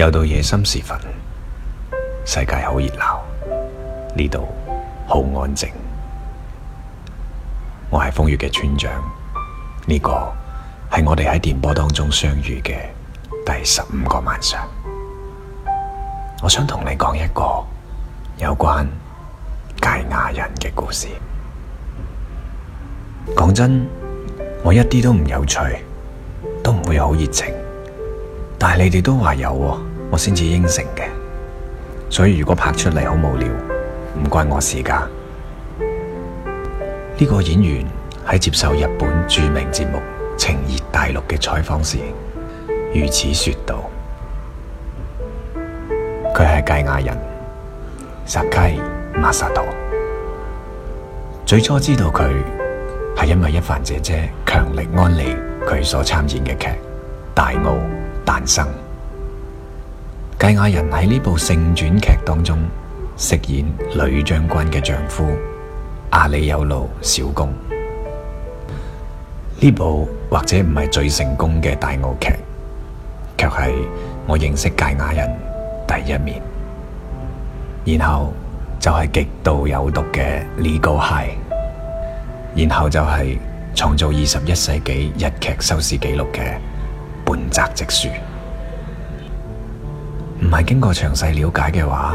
又到夜深時分，世界好熱鬧，呢度好安靜。我係風月嘅村長，呢個係我哋喺電波當中相遇嘅第十五個晚上。我想同你講一個有關堺雅人嘅故事。講真，我一啲都唔有趣，都唔會好熱情，但係你哋都話有喎。我先至應承嘅，所以如果拍出嚟好無聊，唔關我事㗎。呢、這個演員喺接受日本著名節目《情熱大陸》嘅採訪時，如此說道：佢係堺雅人，薩凱馬薩托。最初知道佢係因為一帆姐姐強力安利佢所參演嘅劇《大奧誕生》。堺雅人喺呢部性轉劇當中飾演女將軍嘅丈夫阿里有路小公，呢部或者唔係最成功嘅大奧劇，卻係我認識堺雅人第一面，然後就係極度有毒嘅《Legal High》，然後就係創造二十一世紀日劇收視紀錄嘅《半澤直樹》。唔係經過詳細了解嘅話，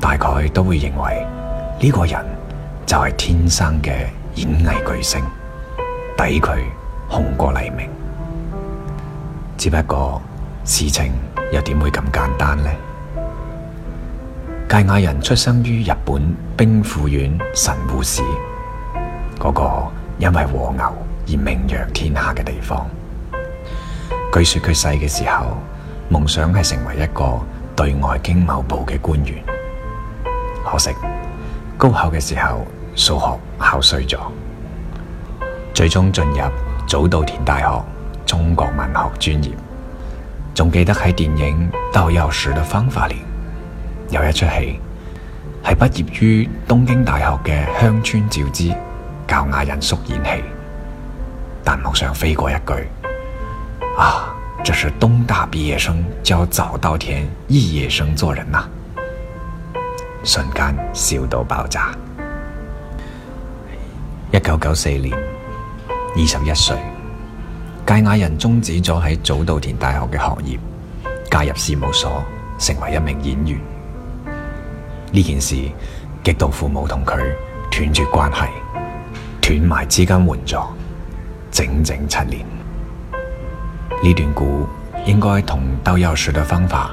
大概都會認為呢個人就係天生嘅演藝巨星，抵佢紅過黎明。只不過事情又點會咁簡單呢？堺雅人出生於日本兵庫縣神戶市，嗰個因為和牛而名揚天下嘅地方。據說佢細嘅時候，夢想係成為一個。對外經貿部嘅官員，可惜高考嘅時候數學考衰咗，最終進入早稻田大學中國文學專業。仲記得喺電影《盜鑰匙的方法》裏有一出戲，係畢業於東京大學嘅香川照之教雅人叔演戲，彈幕上飛過一句：啊！這是東大畢業生教早稻田肄業生做人啦。瞬間笑到爆炸。一九九四年，二十一歲，堺雅人終止咗喺早稻田大學嘅學業，加入事務所，成為一名演員。呢件事激到父母同佢斷絕關係，斷埋資金援助，整整七年。呢段故應該同《盜鑰匙》的方法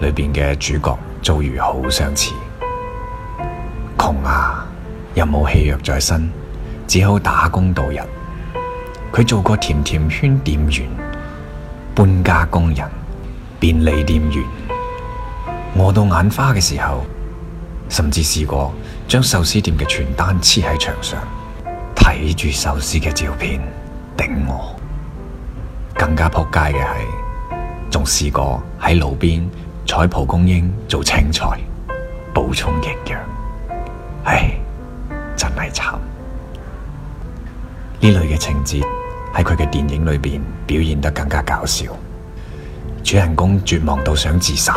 裏邊嘅主角遭遇好相似。窮啊，又冇戲約在身，只好打工度日。佢做過甜甜圈店員、搬家工人、便利店員，餓到眼花嘅時候，甚至試過將壽司店嘅傳單黐喺牆上，睇住壽司嘅照片頂我。更加扑街嘅係，仲試過喺路邊採蒲公英做青菜，補充營養。唉，真係慘！呢類嘅情節喺佢嘅電影裏邊表現得更加搞笑。主人公絕望到想自殺，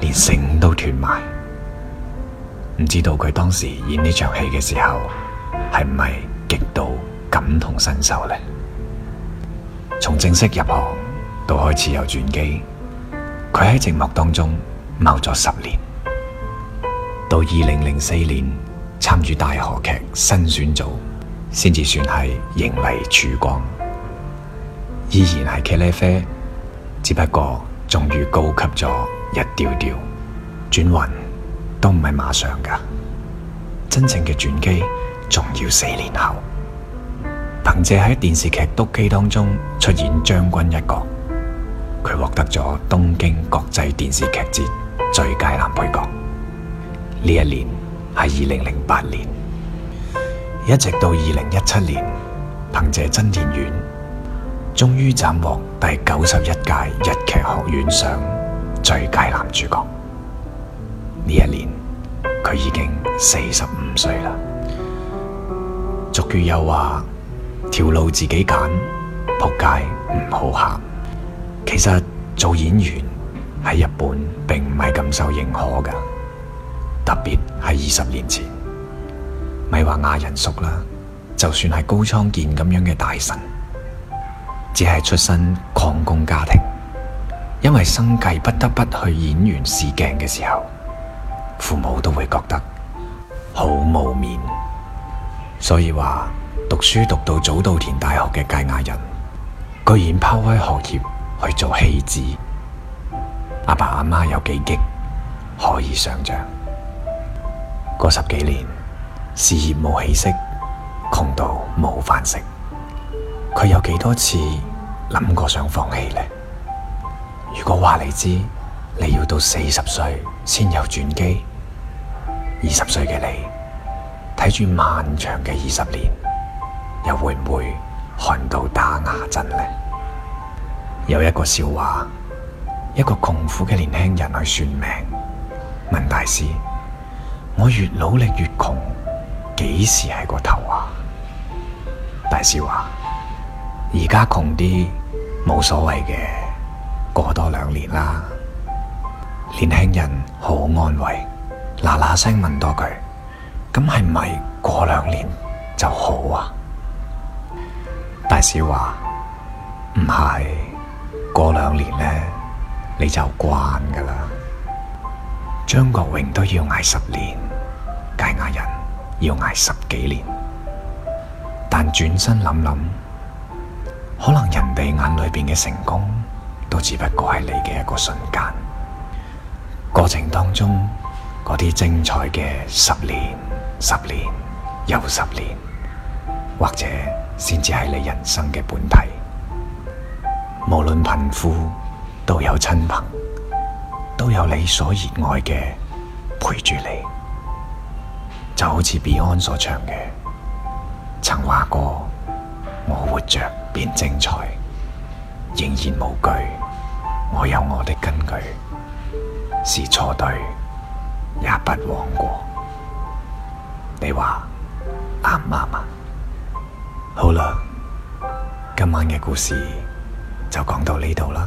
連繩都斷埋，唔知道佢當時演呢場戲嘅時候係唔係極度感同身受呢？從正式入行到開始有轉機，佢喺寂寞當中踎咗十年，到二零零四年參與大河劇新選組，先至算係迎來曙光。依然係茄喱啡，只不過終於高級咗一丟丟，轉運都唔係馬上噶，真正嘅轉機仲要四年後。憑借喺電視劇《篤姬》當中出演將軍一角，佢獲得咗東京國際電視劇節最佳男配角。呢一年係二零零八年，一直到二零一七年，憑借《真田院》，終於斬獲第九十一屆日劇學院獎最佳男主角。呢一年佢已經四十五歲啦。俗語又話，條路自己揀，撲街唔好喊。其實做演員喺日本並唔係咁受認可噶，特別係二十年前，咪話雅人叔啦。就算係高倉健咁樣嘅大神，只係出身礦工家庭，因為生計不得不去演員試鏡嘅時候，父母都會覺得好無面，所以話。讀書讀到早稻田大學嘅堺雅人，居然拋開學業去做戲子，阿爸阿媽有幾激可以想象。過十幾年，事業冇起色，窮到冇飯食，佢有幾多次諗過想放棄呢？如果話你知，你要到四十歲先有轉機，二十歲嘅你睇住漫長嘅二十年。又會唔會寒到打牙震呢？有一個笑話，一個窮苦嘅年輕人去算命，問大師：我越努力越窮，幾時係個頭啊？大師話：而家窮啲冇所謂嘅，過多兩年啦。年輕人好安慰，嗱嗱聲問多句：咁係咪過兩年就好啊？小華，唔係過兩年呢，你就慣噶啦。張國榮都要挨十年，堺雅人要挨十幾年。但轉身諗諗，可能人哋眼裏邊嘅成功，都只不過係你嘅一個瞬間。過程當中嗰啲精彩嘅十年、十年又十年，或者，先至係你人生嘅本體，無論貧富都有親朋，都有你所熱愛嘅陪住你，就好似 Beyond 所唱嘅，曾話過我活着便精彩，仍然無懼，我有我的根據，是錯對也不枉過，你話啱唔啱？對好啦，今晚嘅故事就講到呢度啦，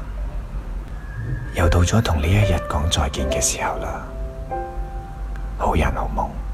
又到咗同呢一日講再見嘅時候啦，好人好夢。